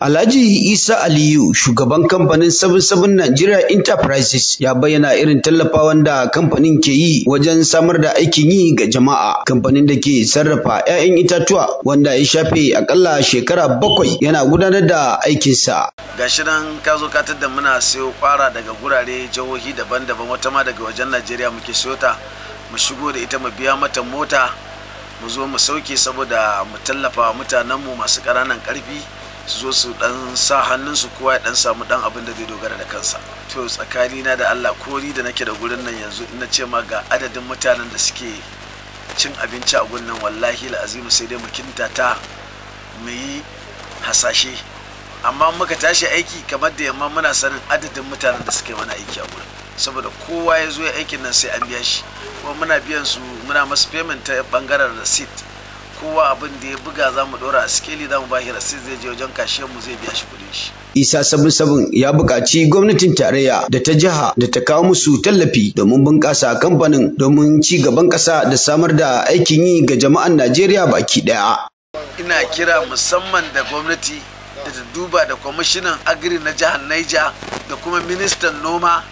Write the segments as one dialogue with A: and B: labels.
A: Alhaji Isa Aliyu, shugaban kamfanin 77 Nigeria Enterprises, ya bayyana irin tallafawan da kamfanin ke yi wajen samar da aikin yi ga jama'a. Kamfanin da ke sarrafa 'ya'yan itatuwa wanda ya shafe akalla shekara bakwai yana gudanar da aikinsa.
B: Gashi nan ka zo ka da muna sayo kwara daga gurare jihohi daban-daban wata ma daga wajen Najeriya muke siyota, ta mu shigo da ita mu biya mata mota mu zo mu sauke saboda mu tallafa mutanenmu masu ƙananan ƙarfi. su zo su dan sa hannunsu kowa ya dan samu dan abin da zai dogara da kansa to tsakani na da allah kori da nake da gurin nan yanzu ina ce ma ga adadin mutanen da suke cin abinci a gurin nan wallahi la'azimu sai dai mu kintata mu yi hasashe amma muka tashi aiki kamar da yamma muna sanin adadin mutanen da suke mana aiki a gurin saboda kowa ya zo ya aikin nan sai an biya shi kuma muna biyan su muna masu payment ta bangaren receipt kowa abin da ya buga za mu dora a sikeli za mu ba shi rasit zai je wajen kashe mu zai biya shi
A: kuɗin shi. Isa sabin sabin ya buƙaci gwamnatin tarayya da ta jiha da ta kawo musu tallafi domin bunƙasa kamfanin domin ci gaban ƙasa da samar da aikin yi ga jama'an Najeriya baki ɗaya.
B: Ina kira musamman da gwamnati da ta duba da kwamishinan agri na jihar Niger da kuma ministan noma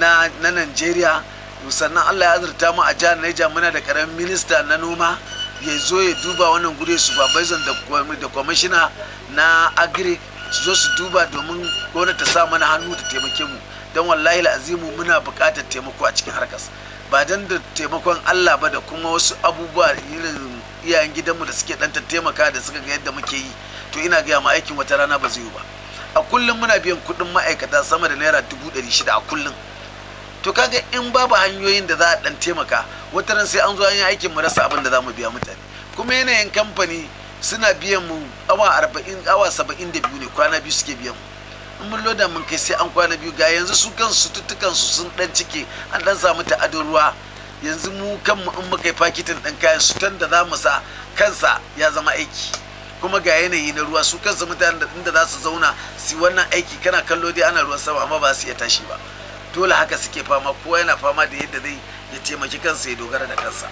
B: na Najeriya sannan Allah ya azurta mu a jihar Niger muna da karamin minista na noma ya zo ya duba wannan guri supervisor da kwamishina na agri su zo su duba domin gona ta sa mana hannu ta taimake mu don wallahi azimu muna buƙatar taimako a cikin harkas ba don da taimakon allah ba da kuma wasu abubuwa irin iyayen gidanmu da suke ɗanta taimaka da suka ga yadda muke yi to ina gaya ma aikin wata rana ba zai yi ba a kullum muna biyan kuɗin ma'aikata sama da naira dubu ɗari shida a kullum to kaga in babu hanyoyin da za a ɗan taimaka wata ran sai an zo an yi aikin mu rasa abin da za mu biya mutane kuma yanayin kamfani suna biyan mu awa 40 awa saba'in ne kwana biyu suke biyan mu in mun loda mun kai sai an kwana biyu ga yanzu su kansu tuttukan su sun dan cike an dan samu ta adon ruwa yanzu mu kanmu in muka yi fakitin dan kayan su tun da za sa kansa ya zama aiki kuma ga yanayi na ruwa su kansu mutanen da za su zauna su wannan aiki kana kallo dai ana ruwan sama amma ba su iya tashi ba dole haka suke fama kowa yana fama da yadda zai ya taimaki kansa ya dogara da kansa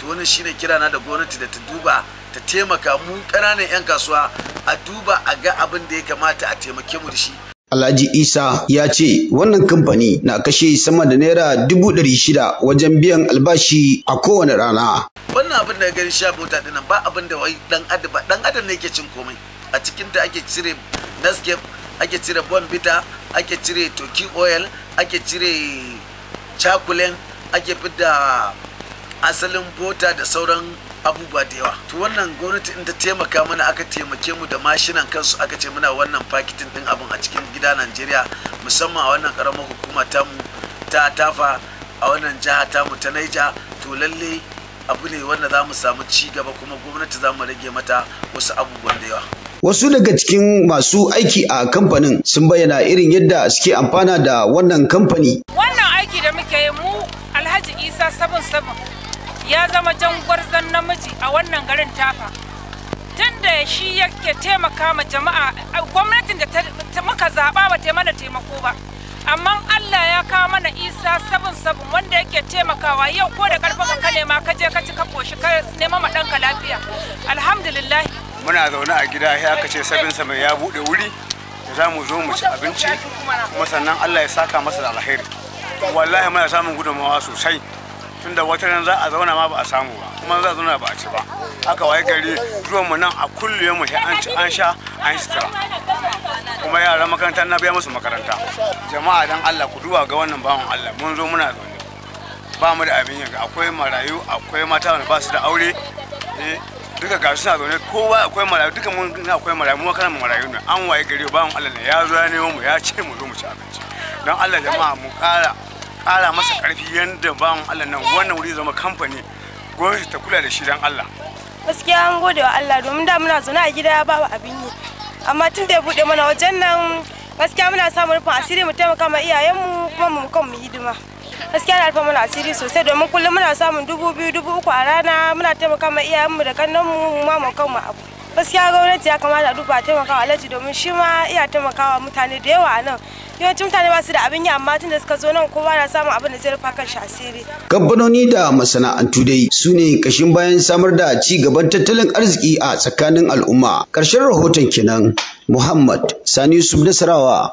B: to wannan shine kira na da gwamnati da ta duba ta taimaka mu ƙananan 'yan kasuwa a duba a ga abin da ya kamata a taimake mu da shi
A: Alhaji Isa ya ce wannan kamfani na kashe sama da naira dubu ɗari shida wajen biyan albashi a kowane rana.
B: Wannan abin da gani sha bauta dinan ba abin da wai dan adam dan adam ne ke cin komai a cikin ta ake cire Nescafe ake cire Bonvita ake cire Toki oil ake cire cakulen ake fidda asalin bota da sauran abubuwa da yawa to wannan gwamnati in ta taimaka mana aka taimake mu da mashinan kansu aka ce muna wannan fakitin din abin a cikin gida najeriya musamman a wannan karamar hukuma mu ta tafa a wannan jiha tamu ta naija to lalle abu ne wanda za mu samu ci gaba kuma gwamnati za mu rage mata wasu abubuwan da yawa
A: Wasu daga cikin masu aiki a kamfanin sun bayyana irin yadda suke amfana da wannan kamfani. Wannan aiki da muke yi mu Alhaji Isa sabon sabon ya zama jan gwarzon namiji a wannan garin tafa. Tun da shi yake taimaka ma jama'a gwamnatin da muka zaɓa ba ta mana taimako ba. Amma Allah ya kawo mana Isa sabon sabon wanda yake taimakawa yau ko da karfin ka nema ka je ka ci ka koshi ka nema ma ɗanka lafiya. Alhamdulillah
C: muna zaune a gida ya aka ce sabin sama ya bude wuri da za mu zo mu ci abinci kuma sannan Allah ya saka masa da alheri wallahi muna samun gudunmawa sosai tunda wata ran za a zauna ma ba a samu ba kuma za a zauna ba a ci ba haka waye gari ruwan mu nan a kulle mu an ci an sha an sitara kuma yaran makarantar na biya musu makaranta jama'a dan Allah ku duba ga wannan bawan Allah mun zo muna zaune ba mu da abin yanzu akwai marayu akwai mata wanda ba su da aure eh, duka ga suna zaune kowa akwai marayu duka mun akwai marayu mu kana marayu ne an waye gari ba mu Allah ne ya zo ya nemo mu ya ce mu zo mu ci abinci don Allah jama'a mu ƙara kara masa ƙarfi yanda ba mu Allah nan wannan wuri zama kamfani gwamnati ta kula da shi don Allah
A: gaskiya an gode wa Allah domin da muna zaune a gida ba abin yi amma tun da ya bude mana wajen nan gaskiya muna samun rufin asiri mu taimaka ma iyayenmu kuma mu kan mu hidima gaskiya na rufa mana asiri sosai domin kullum muna samun dubu biyu dubu uku a rana muna taimaka ma iyayenmu da kannanmu ma mu kan mu abu gaskiya gwamnati ya kamata a duba taimakawa alhaji domin shi ma iya taimakawa mutane da yawa a nan yawancin mutane ba su da abin yi amma tun da suka zo nan kowa na samun abin da zai rufa kan asiri. kamfanoni da masana'antu dai su ne kashin bayan samar da ci gaban tattalin arziki a tsakanin al'umma ƙarshen rahoton kenan muhammad sani yusuf nasarawa